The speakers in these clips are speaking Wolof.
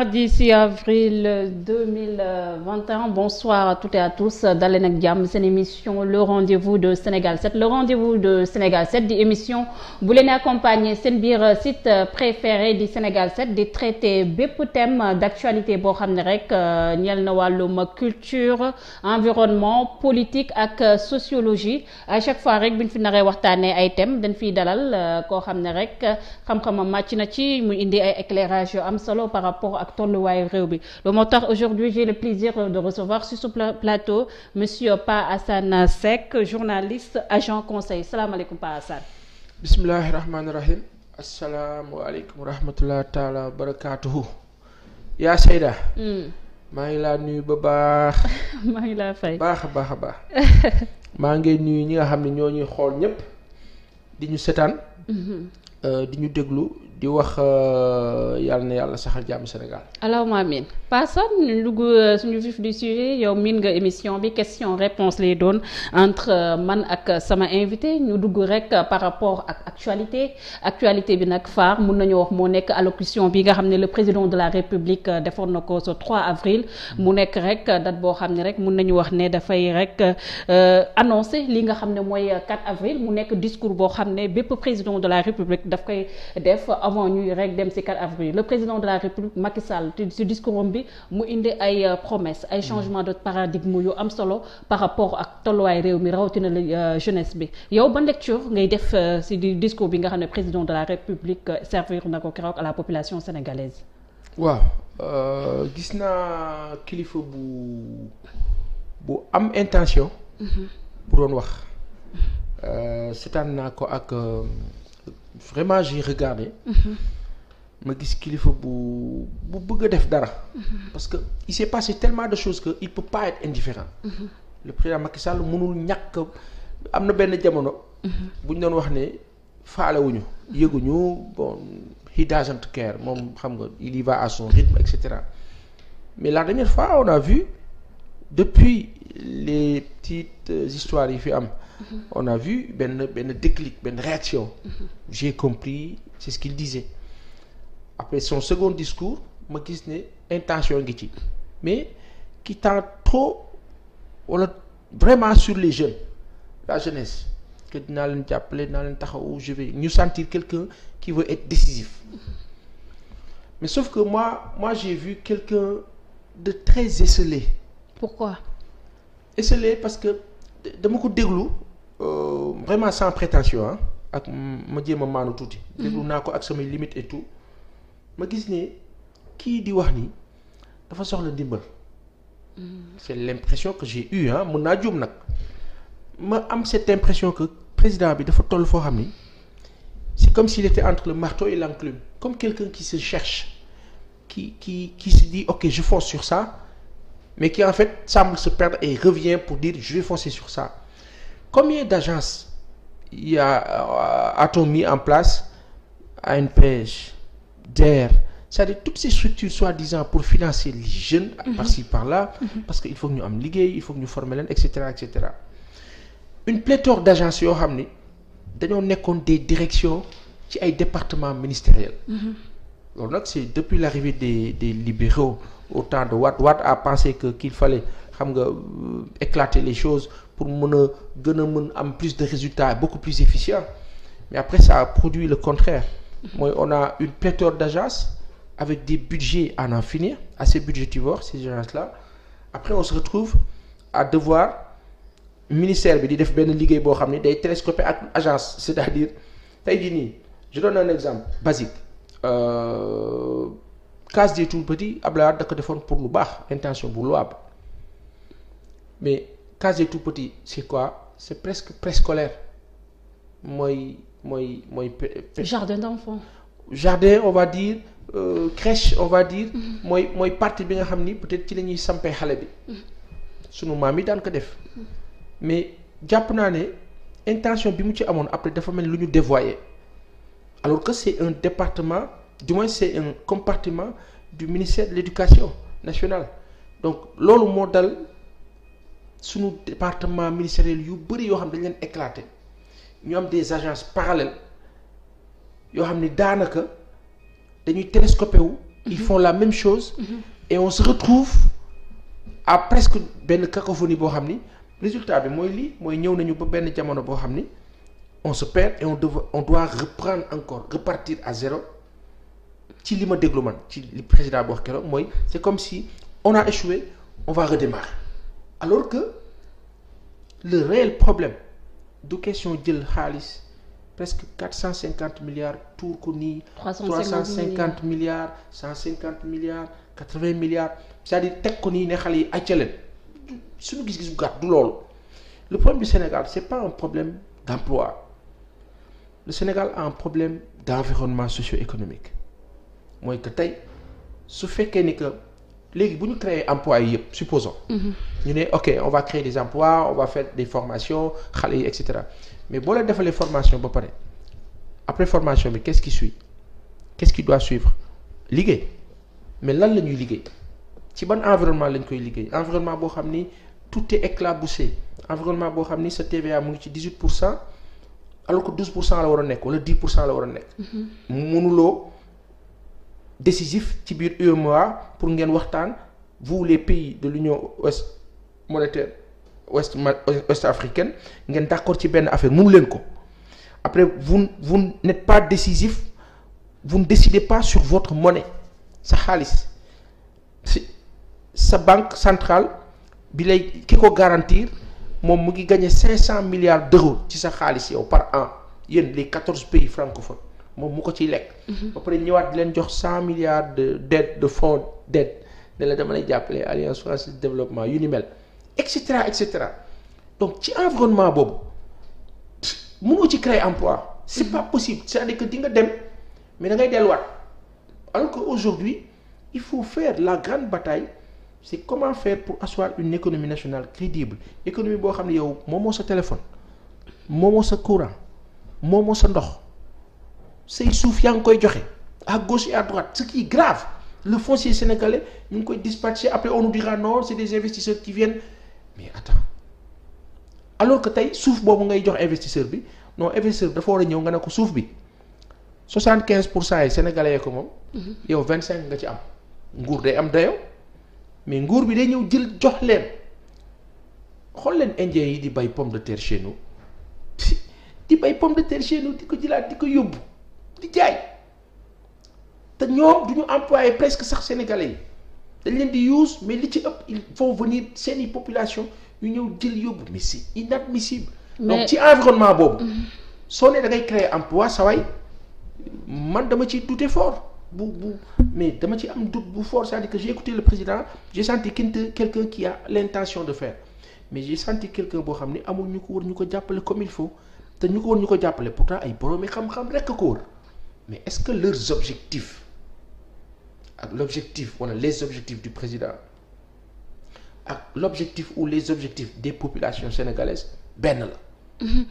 mardi 6 avril 2021 euh, bonsoir à tout et à tous daleen ak jàmm seen émission le rendez-vous de Sénégal 7 le rendez-vous de Sénégal 7 di émission bu leen accompagner seen biir site préféré di Sénégal 7 di traité bépp thème d'actualité boo xam ne rek euh, ñeel na wàllum culture environnement politique ak euh, sociologie à chaque fois rek bu ñu fi naree waxtaanee ay thème dañ fiy dalal koo xam ne rek xam-xamam màcc na ci mu indi ay éclairage yu am solo par rapport ak tolluwaayu réew bi loolu moo tax aujourd'hui j'ai le plaisir euh, de recevoir sur ce plateau monsieur Pa Assane Seck journaliste agent conseil salaamaaleykum Pa Assane bismillahi rahmaani rahim asalaamualeykum warahmatullah taala wa barakatuhu yaa Seyda hmm. maa ngi laa nuyu ba baax maa ngi laa fay baax a baax a baax maa ngi nuyu ñi nga xam ne ñoo ñuy xool ñépp di ñu setaan mhm. euh, di ñu déglu di wax euh, yàlla na yàlla saxal jàmm Sénégal. allahumma amiin Passane ñu dugg suñu vif du sujet yow miin nga émission bi question réponse lay doon entre euh, man ak sama invité ñu dugg rek euh, par rapport ak actualité actualité bi nag phare mun nañu wax moo nekk allocution bi nga xam ne le président de la république defoon na ko ce 3 avril mu nekk rek date boo xam ne rek mun nañu wax ne dafay rek annoncer li nga xam ne mooy 4 avril mu nekk discours boo xam ne bépp la république avant ñuy rek dem ci 4 avril le président de la république Macky Sall ci discours bi mu indi ay euh, promesse ay changement de paradigme yu am solo par rapport ak tolluwaay réew mi rawatina la euh, jeunesse bi yow ban lecture ngay def euh, ci discours bi nga xam ne président de la république servir na ko keroog à la population sénégalaise. waaw gis naa kilifa bu bu am intention. Mhm. bu doon wax seetaan naa ko ak. vraiment j'ai mhm. ma gis kilifa bu bu bëgg def dara. Mhm. parce que il s'est passé tellement de choses que il peut pas être indifférent. Mhm. le président Macky Sall mënul ñàkk am na benn jamono. bu ñu doon wax ne faalewuñu yëguñu bon he doesn't care moom xam nga il y va à rythme et mais la dernière fois on a vu depuis les petites histoires yi fi am. Mm-hmm. on a vu benn benn déclic benn réaction mm-hmm. j'ai compris c'est ce qu'il disait après son second discours ma gis ne intention ngi ci mais qui tend trop wala vraiment sur les jeunes la jeunesse que dinaa leen jàppale dinaa leen taxaw je vais ñu sentir quelqu'un qui veut être décisif mm-hmm. mais sauf que moi moi j'ai vu quelqu'un de très esselé pourquoi esselé parce que dama ko déglu Euh, vraiment sans prétention ak ma jéem a maanu tuuti. déglu naa ko ak samay limites et tout ma gis ne kii di wax ni dafa soxla ndimbal. Mm. c'est l'impression que j'ai eu ah mën naa juum nag ma am cette impression que président bi dafa toll foo xam ni c'est comme s'il était entre le marteau et l'enclume comme quelqu'un qui se cherche qui qui se dit ok je fonce sur ça mais qui en fait semble se perdre et revient pour dire je foncer sur ça. Combien d'agences y a, euh, a-t-on mis en place ANPEJ, DER, c'est-à-dire toutes ces structures soi-disant pour financer les jeunes. Mhm. par-ci par-là. Mhm. parce que faut que ñu am liggéey il faut que ñu former leen et cetera et cetera une pléthore d'agences yoo xam ni dañoo nekkoon des directions ci ay département ministériels. Mhm. loolu nag c'est depuis l'arrivée des libéraux. au temps de Wade Wade a pensé que qu'il fallait xam nga euh, éclater les choses pour mën a gën a mën am plus de résultats beaucoup plus efficients mais après ça a produit le contraire moy on a une pléthore d'agences avec des budgets à n'en finir assez budgétivores ces agences-là après on se retrouve à devoir ministère bi di def benn liggéey boo xam ne day télescoper ak agence c'est-à-dire tey jii nii je donne un exemple basique euh... case des tout petits Abdoulaye Wade da ko defoon pour lu baax intention bu louable mais case des tout petits c'est quoi c'est presque préscolaire mooy mooy mooy. jardin d'enfants. jardin on va dire euh, crèche on va dire. Mm-hmm. mooy mooy partie bi nga xam ni peut-être ci lañuy ñuy sampee xale bi. Mm-hmm. sunu maam yi daan ko def. Mm-hmm. mais jàpp naa ne intention bi mu ci amoon après dafa mel lu ñu dévoyé alors que c'est un département. du moins c'est un compartiment du ministère de l'éducation nationale donc loolu moo dal suñu département ministériel yu bëri yoo xam dañ leen éclaté ñu am des agences parallèles yoo xam ni daanaka dañuy télescopé wu ils mhm. font la même chose mhm. et on se retrouve à presque benn cacophonie boo xam ni résultat bi mooy lii mooy ñëw nañu ba benn jamono boo xam ni on se perd et on doit on doit reprendre encore repartir à zéro ci li ma déglu man ci li président bi wax keroog mooy c'est comme si on a on va redémarrer alors que le réel problème du question jël xaalis presque quatre cent cinquante milliards tuur ko nii. trois cent cinquante milliards cent cinquante milliards quatre vingt milliards c'est-à-dire teg ko nii ne xale yi àcc leen suñu gis-gis bu gàtt du loolu le problème du Sénégal c'est pas un problème d'emploi le Sénégal a un problème d'environnement socio-économique. mooy que tey su fekkee ni que léegi bu ñu créer emploi yi yëpp supposons. Mhm. ñu ne ok on va créer des emplois on va faire des formations xale yi et mais boo la defalee formation ba pare après formation bi qu'est-ce qui suit qu'est-ce qui doit suivre liggéey mais lan la ñuy liggéey ci ban environnement lañ koy liggéey environnement boo xam ni tout est éclaboussé environnement boo xam ni sa TVA mu ngi ci 18 pour cent alors que pour cent la war a nekk wala 10 pour cent war nekk. Mhm. mënuloo. décisif ci biir UEMOA pour ngeen waxtaan vous les pays de l'union ouest monétaire ouest ouest africaine ngeen d'accord ci benn affaire mënu leen ko après vous vous n'êtes pas décisif vous ne décidez pas sur votre monnaie sa xaalis si sa banque centrale bi lay ki ko garantir moom mu ngi gagner cinq cent milliards d'euros ci sa xaalis yow par an yéen les quatorze pays francophones moom mu ko ciy lekk. Mhm. ba ñëwaat di leen jox cent milliards de dette de fonds dette ne dama lay jàppale alliance française de yu ni mel et cetera et cetera donc ci environnement boobu mënoo ci créer emploi. si est mhm. pas possible c' est à di nga dem mais da ngay delluwaat alors que aujourd'hui il faut faire la grande bataille c' est comment faire pour asseoir une économie nationale crédible économie boo xam ne yow moomoo sa téléphone moomoo sa courant moomoo sa ndox. say suuf yaa ngi koy joxe ak gauche et à droite ce grave le foncier sénégalais ñu ngi koy dispatcher après on nous dira non c'est des investisseurs qui viennent mais attends alors que tey suuf boobu ngay jox investisseur bi non investisseur dafa war a ñëw nga ne ko suuf bi soixante quinze pour cent yi sénégalais ko moom. Mm-hmm. yow vingt cinq nga ci am. nguur day am dayo mais nguur bi day ñëw jël jox leen xool leen indien yi di bay pomme de terre chez nous di bay de terre chez di ko jëlaat di yóbbu. di jaay te ñoom du ñu employé presque sax sénégalais yi dañ leen di use mais li ci ëpp il faut venir seeni population yu ñëw jël yóbbu mais c'est inadmissible donc ci environnement boobu mhm. soo ne da ngay créer emploi saway man dama ci douter fort bu bu mais dama ci am doute bu fort c'est-à-dire que j'ai écouté le président j'ai quelqu'un qui a l'intention de faire mais j'ai senti quelqu'un boo xam ni amul ñu ko war ñu ko jàppale comme il faut te ñu ko war ñu ko jàppale pourtant ay boroomi xam-xam rekk ko wër mais est-ce que leurs objectifs ak l'objectif wala les objectifs du président ak l'objectif ou les objectifs des populations sénégalaises benn la.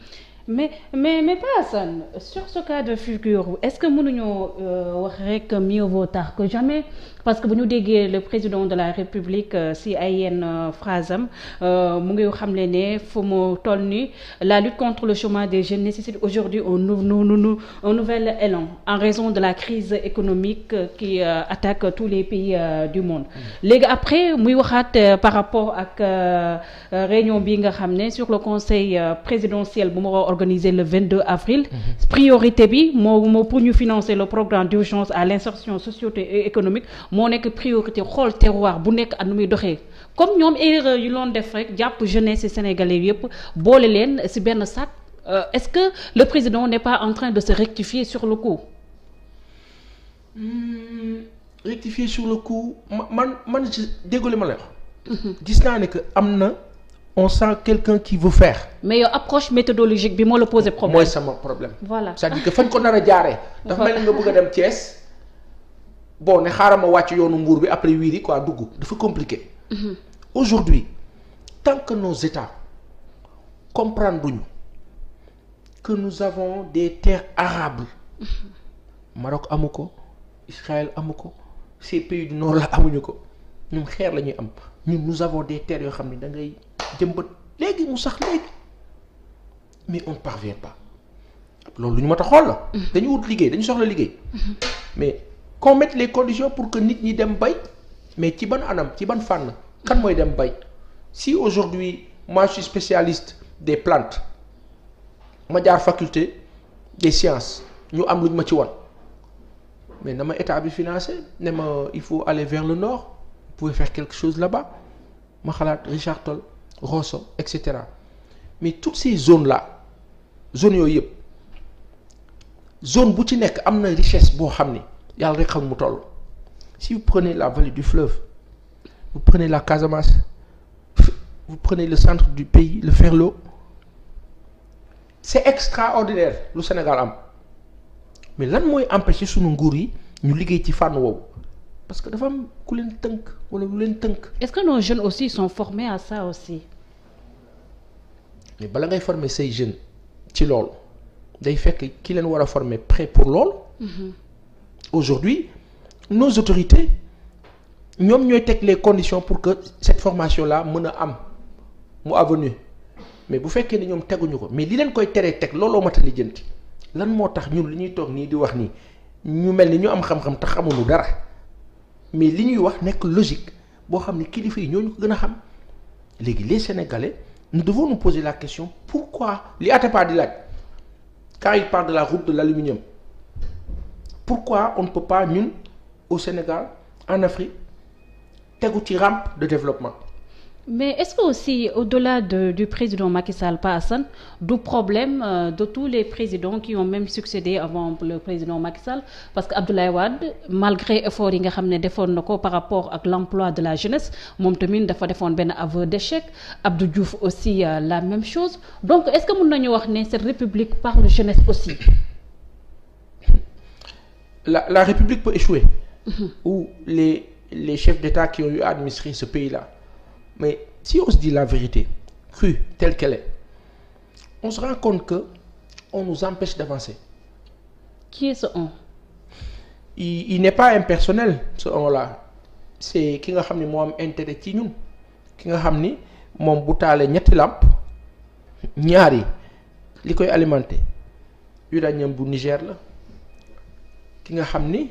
mais mais mais personne sur ce cas de figure est-ce que mënuñoo euh, wax rek mieux vaut tard que jamais parce que bu ñu déggee le président de la république euh, si ay yenn euh, mu ngi xam le ne fu mu toll nii la lutte contre le chômage des jeunes nécessite aujourd'hui un nou élan en raison de la crise économique qui attaque tous les pays du monde mm. léegi après muy waxaat par rapport ak réunion bi nga xam ne sur le conseil présidentiel bu ma organisé le 22 avril. Mmh. priorité bi moo moo pour ñu financer le programme d'urgence à l'insertion socio-économique moo nekk priorité xool terroir bu nekk ak nu muy doxee. comme ñoom erreur yu loon def rek jàpp jeunesse sénégalais yépp boole leen ci benn sac euh, est-ce que le président n'est pas en train de se rectifier sur le coup. Mmh, rectifier sur le coup man man déggoo la mhm. gis naa ne am na. on sent quelqu'un qui veut faire. mais yow euh, approche méthodologique bi moo la posé problème. mooy sama problème. voilà cest à fañ ko nar a jaaree. dafa mel ni nga bëgg a dem Thiès bon ne xaaral ma wàcc yoonu mbuur bi après wiiri quoi dugg dafa compliqué. Mhm. aujourd'hui tant que nos états comprendre duñu que nous avons des terres arables. Mhm. Maroc amu ko Israël amu ko ces pays du nord la amuñu ko ñun xeer la ñuy am. ñun nous avons des terres yoo xam ne da ngay jëmbat léegi mu sax léegi mais on parvient pas loolu lu ñu mat a xool la. dañu wut liggéey dañu soxla liggéey. mais qu'on mette les pour que nit ñi dem bay mais ci ban anam ci ban fànn kan mooy dem bay si aujourd'hui moi je suis spécialiste des plantes ma jaar faculté des sciences ñu am lu ma ci wan mais na ma état bi financé ne ma il faut aller vers le nord. pouvez faire quelque chose là-bas ma xalaat Richard Toll Rosso et cetera mais tout ces zone la zone yooyu yëpp zone bu ci nekk am na richesse boo xam ni yàlla rek xam mu toll si vous prenez la vallée du fleuve vous prenez la Casamance vous prenez le centre du pays le Ferlo c'est extraordinaire lu Sénégal am mais lan mooy empêcher sunu nguur yi ñu liggéey ci fànn woowu parce que dafa ku leen tënk wala lu leen tënk. est-ce que nos jeunes aussi sont formés à ça aussi. mais bala ngay former say jeunes ci loolu day fekk ki leen war a former prêt pour loolu. Mm-hmm. aujourd'hui nos autorités ñoom ñooy teg les conditions pour que cette formation la mën a am mu avenue mais bu fekkee ne ñoom teguñu ko mais li leen koy teree teg looloo mat a lijjanti lan moo tax ñun li ñuy toog nii di wax nii ñu mel ni ñu am xam-xam te xamuñu dara. mais li ñuy wax nekk logique boo xam ne kilifa yi ñooñu ko gën a xam léegi les sénégalais nous devons nous poser la question pourquoi li Atepa di laaj quand il parle de la route de l'aluminium pourquoi on ne peut pas ñun au Sénégal en Afrique tegu ci rampe de développement mais est-ce que aussi au-delà de du président Macky Sall Pa Assane du problème euh, de tous les présidents qui ont même succédé avant le président Macky Sall parce que Abdoulaye Wade malgré effort yi nga xam ne defoon na ko par rapport ak l'emploi de la jeunesse moom tamit dafa defoon benn aveu d'échec Abdou Diouf aussi euh, la même chose donc est-ce que mën nañu wax ne cette république parle jeunesse aussi. la la république peut échouer. Mhm. ou les les chefs d'État qui ont eu à administrer ce mais si on di la vérité crue telle qu'elle est on se rend compte que on nous empêche d'avancer. qui est ce on. il, il n'est pas impersonnel ce on là c'est ki nga xam ni moo am intérêt ci ñun ki nga xam ni moom bu taalee ñetti làmp ñaar li koy alimenté uranium bu Niger la ki nga xam ni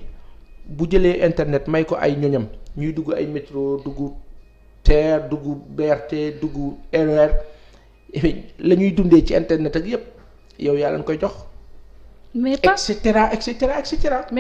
bu jëlee internet may ko ay ñoñam ñuy dugg ay métro dugg. TER dugg BRT dugg RER la ñuy dundee ci internet ak yépp yow yàlla leen koy jox. mais pas et cetera et cetera et